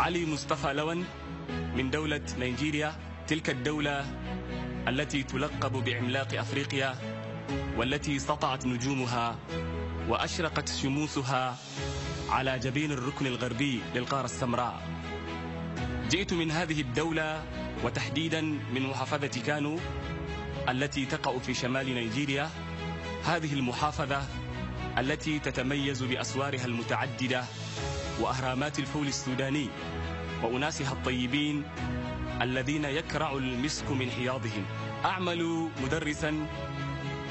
علي مصطفى لون من دولة نيجيريا تلك الدولة التي تلقب بعملاق أفريقيا والتي سطعت نجومها وأشرقت شموسها على جبين الركن الغربي للقارة السمراء جئت من هذه الدولة وتحديدا من محافظة كانو التي تقع في شمال نيجيريا هذه المحافظة التي تتميز بأسوارها المتعددة وأهرامات الفول السوداني وأناسها الطيبين الذين يكرع المسك من حياضهم أعمل مدرسا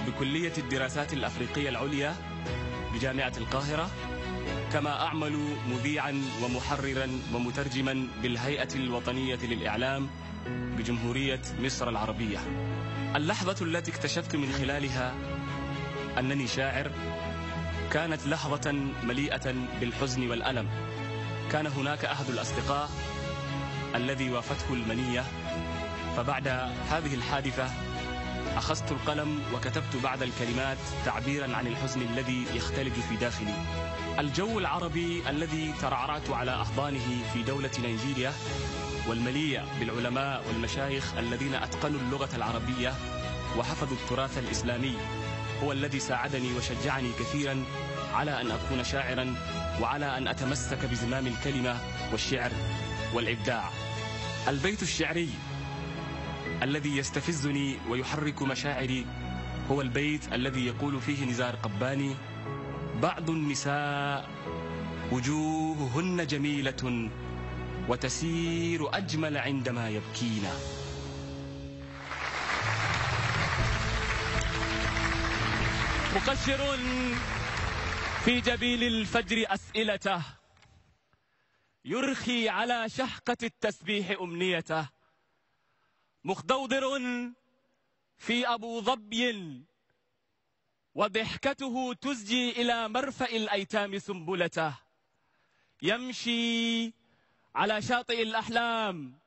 بكلية الدراسات الأفريقية العليا بجامعة القاهرة كما أعمل مذيعا ومحررا ومترجما بالهيئة الوطنية للإعلام بجمهورية مصر العربية اللحظة التي اكتشفت من خلالها أنني شاعر كانت لحظة مليئة بالحزن والألم كان هناك أحد الأصدقاء الذي وافته المنية فبعد هذه الحادثة أخذت القلم وكتبت بعض الكلمات تعبيرا عن الحزن الذي يختلج في داخلي الجو العربي الذي ترعرعت على أحضانه في دولة نيجيريا والمليء بالعلماء والمشايخ الذين أتقنوا اللغة العربية وحفظوا التراث الإسلامي هو الذي ساعدني وشجعني كثيرا على أن أكون شاعرا وعلى أن أتمسك بزمام الكلمة والشعر والإبداع البيت الشعري الذي يستفزني ويحرك مشاعري هو البيت الذي يقول فيه نزار قباني بعض النساء وجوههن جميلة وتسير أجمل عندما يبكين مقشر في جبيل الفجر أسئلته يرخي على شحقة التسبيح أمنيته مخضوضر في أبو ظبي وضحكته تزجي إلى مرفأ الأيتام سنبلته يمشي على شاطئ الأحلام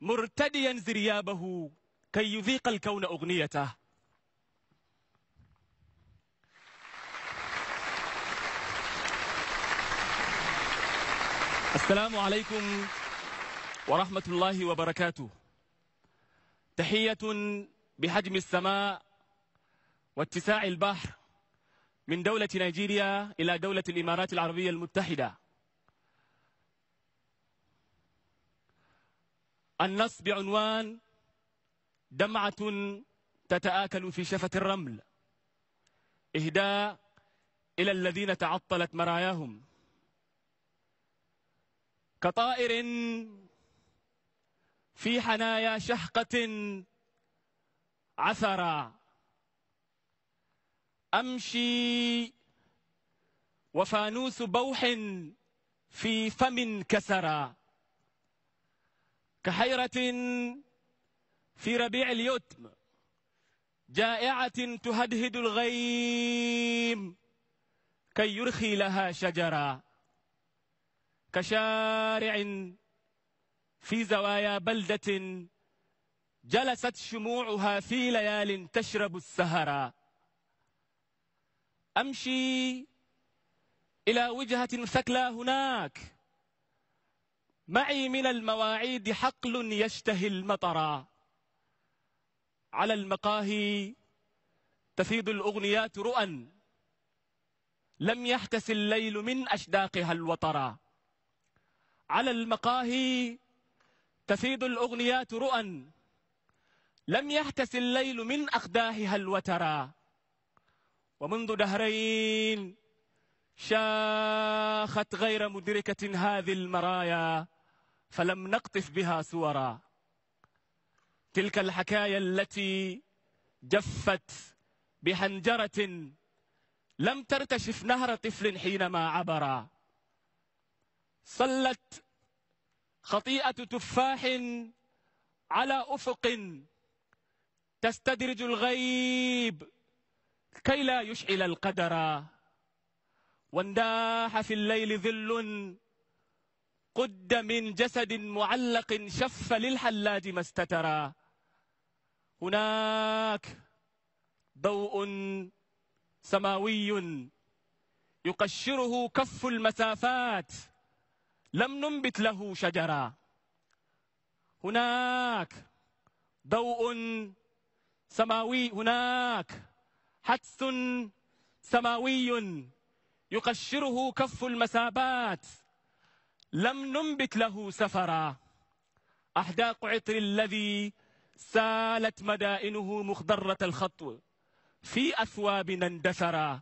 مرتديا زريابه كي يذيق الكون أغنيته السلام عليكم ورحمة الله وبركاته تحية بحجم السماء واتساع البحر من دولة نيجيريا إلى دولة الإمارات العربية المتحدة النص بعنوان دمعة تتآكل في شفة الرمل إهداء إلى الذين تعطلت مراياهم كطائر في حنايا شحقة عثرا أمشي وفانوس بوح في فم كسرا كحيرة في ربيع اليتم جائعة تهدهد الغيم كي يرخي لها شجرا كشارع في زوايا بلدة جلست شموعها في ليال تشرب السهرة أمشي إلى وجهة ثكلى هناك معي من المواعيد حقل يشتهي المطرا على المقاهي تفيض الأغنيات رؤى لم يحتس الليل من أشداقها الوطرا على المقاهي تفيد الأغنيات رؤى لم يحتس الليل من أخداهها الوترا ومنذ دهرين شاخت غير مدركة هذه المرايا فلم نقطف بها صورا تلك الحكاية التي جفت بحنجرة لم ترتشف نهر طفل حينما عبرا صلت خطيئة تفاح على أفق تستدرج الغيب كي لا يشعل القدر وانداح في الليل ظل قد من جسد معلق شف للحلاج ما استترى هناك ضوء سماوي يقشره كف المسافات لم ننبت له شجرا هناك ضوء سماوي هناك حدث سماوي يقشره كف المسابات لم ننبت له سفرا أحداق عطر الذي سالت مدائنه مخضرة الخطو في أثوابنا اندثرا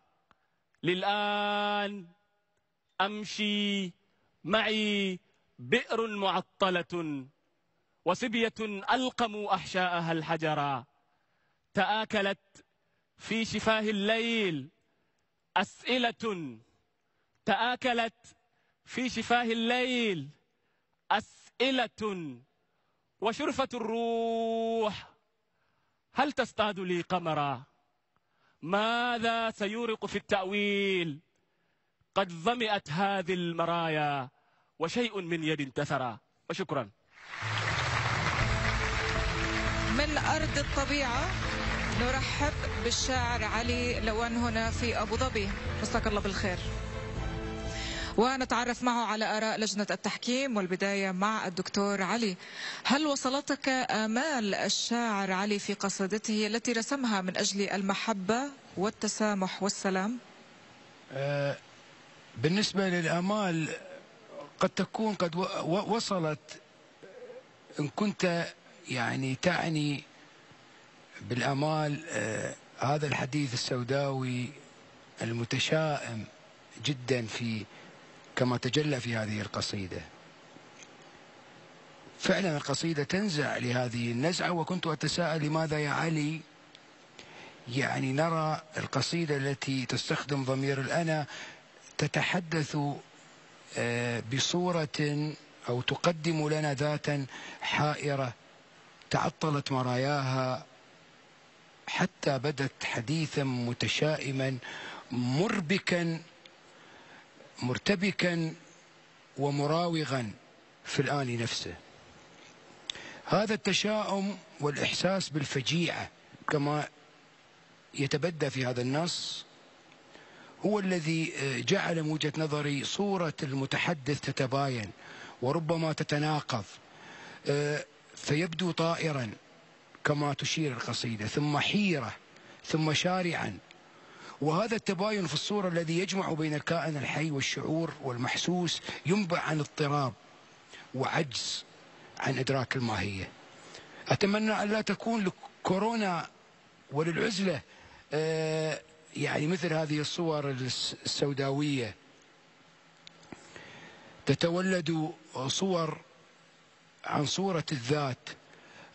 للآن أمشي معي بئر معطلة وصبية ألقموا أحشاءها الحجر تآكلت في شفاه الليل أسئلة تآكلت في شفاه الليل أسئلة وشرفة الروح هل تصطاد لي قمرا ماذا سيورق في التأويل قد ظمئت هذه المرايا وشيء من يد انتثر وشكرا من أرض الطبيعة نرحب بالشاعر علي لوان هنا في أبو ظبي مساك الله بالخير ونتعرف معه على آراء لجنة التحكيم والبداية مع الدكتور علي هل وصلتك آمال الشاعر علي في قصيدته التي رسمها من أجل المحبة والتسامح والسلام؟ آه، بالنسبة للآمال قد تكون قد وصلت إن كنت يعني تعني بالأمال آه، هذا الحديث السوداوي المتشائم جدا في كما تجلى في هذه القصيدة فعلا القصيدة تنزع لهذه النزعة وكنت أتساءل لماذا يا علي يعني نرى القصيدة التي تستخدم ضمير الأنا تتحدث آه، بصورة أو تقدم لنا ذاتا حائرة تعطلت مراياها حتى بدت حديثا متشائما مربكا مرتبكا ومراوغا في الآن نفسه هذا التشاؤم والإحساس بالفجيعة كما يتبدى في هذا النص هو الذي آه، جعل من وجهة نظري صورة المتحدث تتباين وربما تتناقض آه، فيبدو طائرا كما تشير القصيدة ثم حيرة ثم شارعا وهذا التباين في الصورة الذي يجمع بين الكائن الحي والشعور والمحسوس ينبع عن اضطراب وعجز عن إدراك الماهية أتمنى أن لا تكون لكورونا وللعزلة آه، يعني مثل هذه الصور السوداوية تتولد صور عن صورة الذات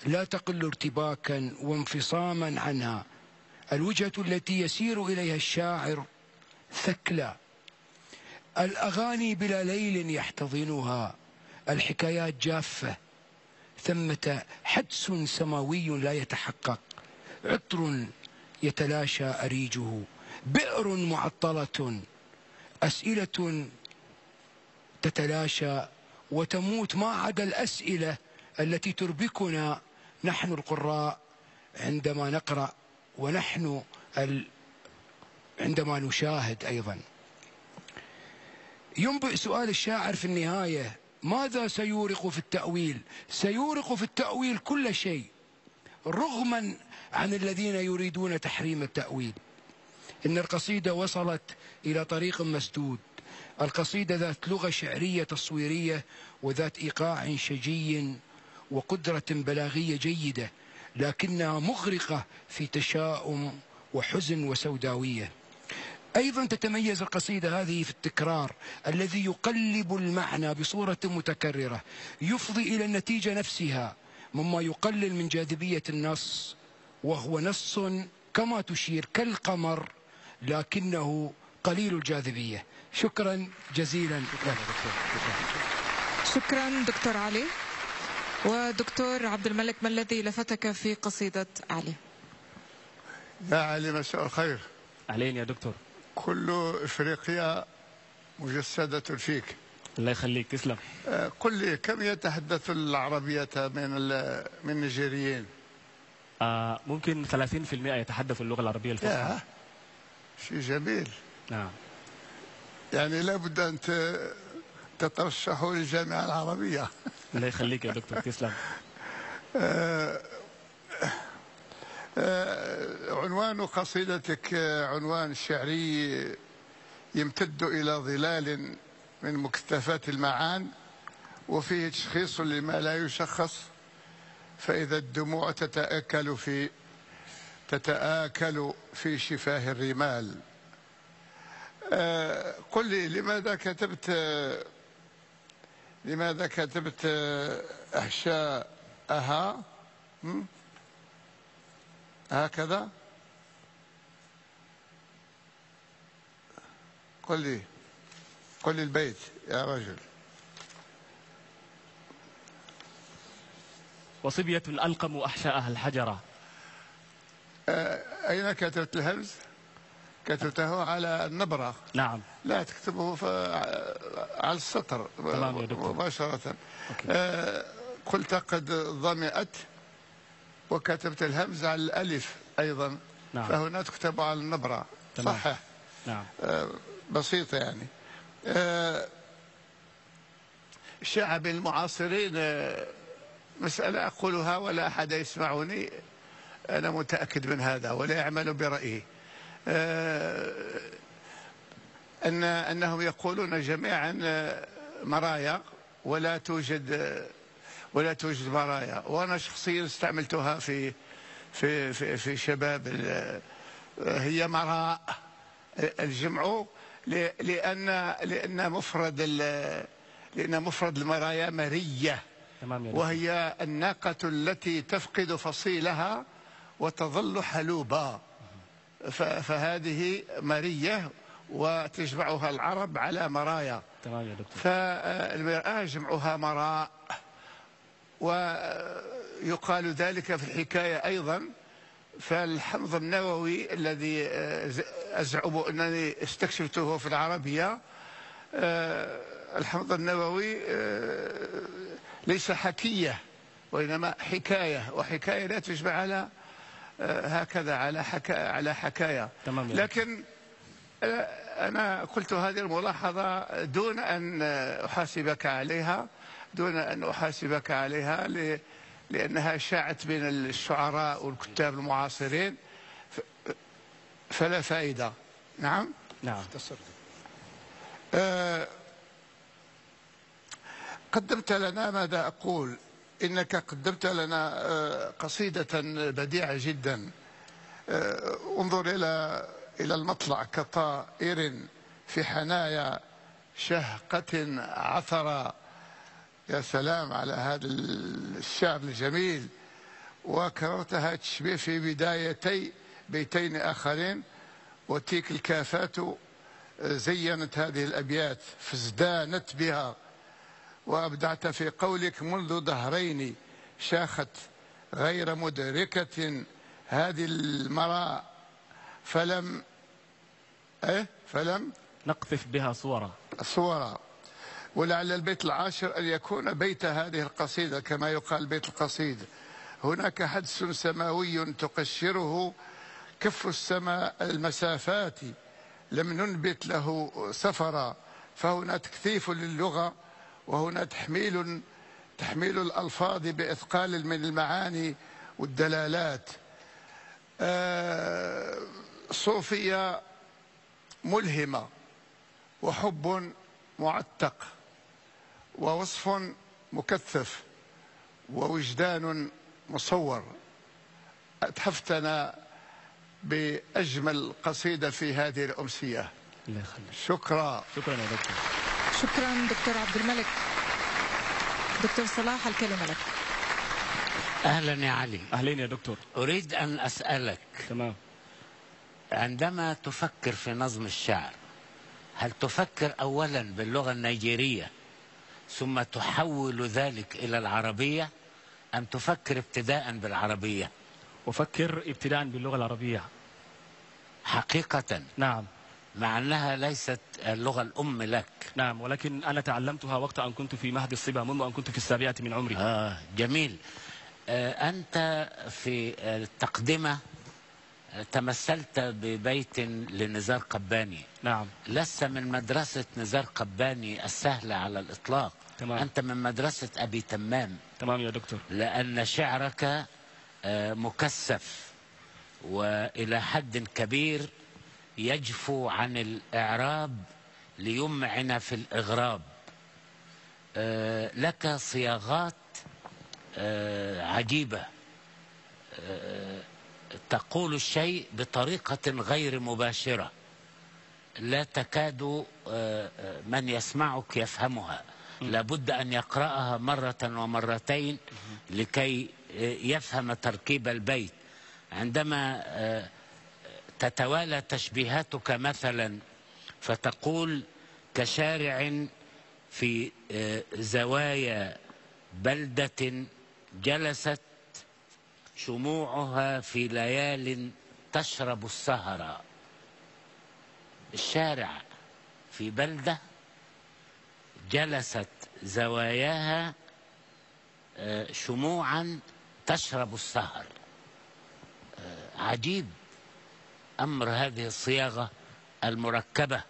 لا تقل ارتباكا وانفصاما عنها الوجهة التي يسير إليها الشاعر ثكلى الأغاني بلا ليل يحتضنها الحكايات جافة ثمة حدس سماوي لا يتحقق عطر يتلاشى أريجه بئر معطلة أسئلة تتلاشى وتموت ما عدا الأسئلة التي تربكنا نحن القراء عندما نقرأ ونحن ال... عندما نشاهد أيضا ينبئ سؤال الشاعر في النهاية ماذا سيورق في التأويل سيورق في التأويل كل شيء رغما عن الذين يريدون تحريم التأويل إن القصيدة وصلت إلى طريق مسدود القصيدة ذات لغة شعرية تصويرية وذات إيقاع شجي وقدرة بلاغية جيدة لكنها مغرقة في تشاؤم وحزن وسوداوية أيضا تتميز القصيدة هذه في التكرار الذي يقلب المعنى بصورة متكررة يفضي إلى النتيجة نفسها مما يقلل من جاذبية النص وهو نص كما تشير كالقمر لكنه قليل الجاذبية شكرا جزيلا شكرا دكتور, شكرا دكتور علي ودكتور عبد الملك ما الذي لفتك في قصيدة علي يا علي مساء الخير أهلين يا دكتور كل إفريقيا مجسدة فيك الله يخليك تسلم آه، قل لي كم يتحدث العربية من من النيجيريين آه ممكن 30% يتحدثوا اللغة العربية الفصحى شيء جميل نعم يعني لابد أن تترشحوا للجامعة العربية الله يخليك يا دكتور تسلم آه، آه، عنوان قصيدتك آه، عنوان شعري يمتد إلى ظلال من مكتفات المعان وفيه تشخيص لما لا يشخص فإذا الدموع تتأكل في تتآكل في شفاه الرمال آه، قل لي لماذا كتبت لماذا كتبت أحشاءها هكذا قل لي قل لي البيت يا رجل وصبية ألقموا أحشاءها الحجرة أين كثرة الهمز كتبته على النبرة نعم لا تكتبه على السطر تمام يا دكتور مباشرة قلت قد ضمئت وكتبت الهمز على الألف أيضا نعم. فهنا تكتب على النبرة تمام. صحة نعم. آه بسيطة يعني آه الشعب المعاصرين آه مسألة أقولها ولا أحد يسمعني أنا متأكد من هذا ولا يعمل برأيه آه، أن أنهم يقولون جميعا آه، مرايا ولا توجد ولا توجد مرايا وأنا شخصيا استعملتها في في في, في شباب آه، هي مراء الجمع لأن لأن مفرد لأن مفرد المرايا مرية تمام يا وهي الناقة التي تفقد فصيلها وتظل حلوبا فهذه مرية وتجمعها العرب على مرايا تمام يا دكتور فالمرآة جمعها مراء ويقال ذلك في الحكاية أيضا فالحمض النووي الذي آه، أزعم أنني استكشفته في العربية آه، الحمض النووي آه، ليس حكية وإنما حكاية وحكاية لا تشبع على آه، هكذا على حكا على حكاية تمام لكن آه، أنا قلت هذه الملاحظة دون أن أحاسبك عليها دون أن أحاسبك عليها لأنها شاعت بين الشعراء والكتاب المعاصرين فلا فائدة نعم نعم أه قدمت لنا ماذا أقول إنك قدمت لنا آه، قصيدة بديعة جدا آه، انظر إلى إلى المطلع كطائر في حنايا شهقة عثرة يا سلام على هذا الشعر الجميل وكررتها تشبيه في بدايتي بيتين آخرين وتيك الكافات آه، زينت هذه الأبيات فازدانت بها وأبدعت في قولك منذ دهرين شاخت غير مدركة هذه المرأة فلم إيه فلم نقذف بها صورة صورة ولعل البيت العاشر أن يكون بيت هذه القصيدة كما يقال بيت القصيد هناك حدس سماوي تقشره كف السماء المسافات لم ننبت له سفرا فهنا تكثيف للغة وهنا تحميل تحميل الألفاظ بإثقال من المعاني والدلالات آه، صوفية ملهمة وحب معتق ووصف مكثف ووجدان مصور أتحفتنا بأجمل قصيدة في هذه الأمسية الله يخليك شكرا شكرا يا دكتور شكرا دكتور عبد الملك دكتور صلاح الكلمة لك أهلا يا علي أهلين يا دكتور أريد أن أسألك تمام عندما تفكر في نظم الشعر هل تفكر أولا باللغة النيجيرية ثم تحول ذلك إلى العربية أم تفكر ابتداء بالعربية أفكر ابتداء باللغة العربية حقيقة نعم مع أنها ليست اللغة الأم لك نعم ولكن أنا تعلمتها وقت أن كنت في مهد الصبا منذ أن كنت في السابعة من عمري آه جميل آه أنت في التقدمة آه، آه، تمثلت ببيت لنزار قباني نعم لست من مدرسة نزار قباني السهلة على الإطلاق تمام. أنت من مدرسة أبي تمام تمام يا دكتور لأن شعرك آه، مكثف وإلى حد كبير يجفو عن الإعراب ليمعن في الإغراب آه، لك صياغات آه، عجيبة آه، تقول الشيء بطريقة غير مباشرة لا تكاد من يسمعك يفهمها لابد أن يقرأها مرة ومرتين لكي يفهم تركيب البيت عندما تتوالى تشبيهاتك مثلا فتقول كشارع في آه، زوايا بلدة جلست شموعها في ليال تشرب السهرة الشارع في بلدة جلست زواياها آه، شموعا تشرب السهر آه، عجيب أمر هذه الصياغة المركبة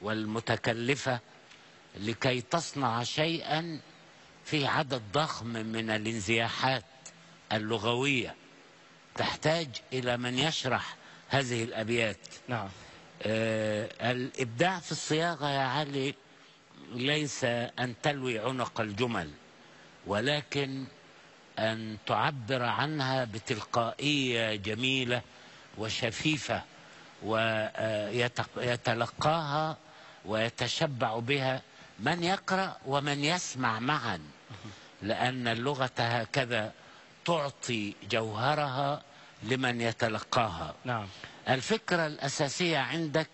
والمتكلفة لكي تصنع شيئا في عدد ضخم من الانزياحات اللغوية تحتاج إلى من يشرح هذه الأبيات نعم. آه الإبداع في الصياغة يا علي ليس أن تلوي عنق الجمل ولكن أن تعبر عنها بتلقائية جميلة وشفيفة ويتلقاها ويتشبع بها من يقرأ ومن يسمع معا لأن اللغة هكذا تعطي جوهرها لمن يتلقاها نعم. الفكرة الأساسية عندك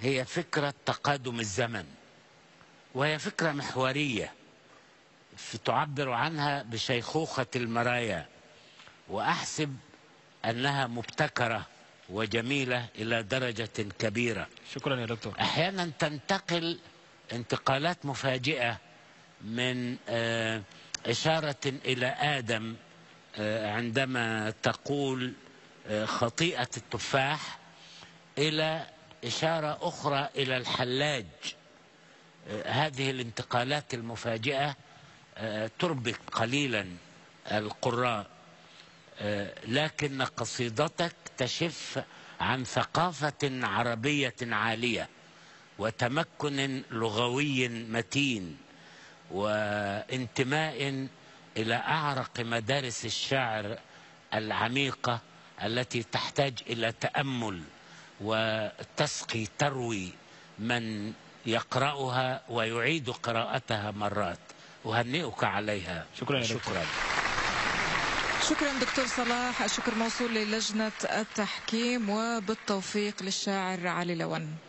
هي فكرة تقادم الزمن وهي فكرة محورية تعبر عنها بشيخوخة المرايا وأحسب أنها مبتكرة وجميلة إلى درجة كبيرة شكرا يا دكتور أحيانا تنتقل انتقالات مفاجئة من آه، إشارة إلى آدم آه، عندما تقول آه، خطيئة التفاح إلى إشارة أخرى إلى الحلاج هذه الانتقالات المفاجئة تربك قليلا القراء آه، لكن قصيدتك تشف عن ثقافة عربية عالية وتمكن لغوي متين وانتماء إلى أعرق مدارس الشعر العميقة التي تحتاج إلى تأمل وتسقي تروي من يقرأها ويعيد قراءتها مرات أهنئك عليها شكرا شكرا, شكرا. شكرا دكتور صلاح الشكر موصول للجنة التحكيم وبالتوفيق للشاعر علي لون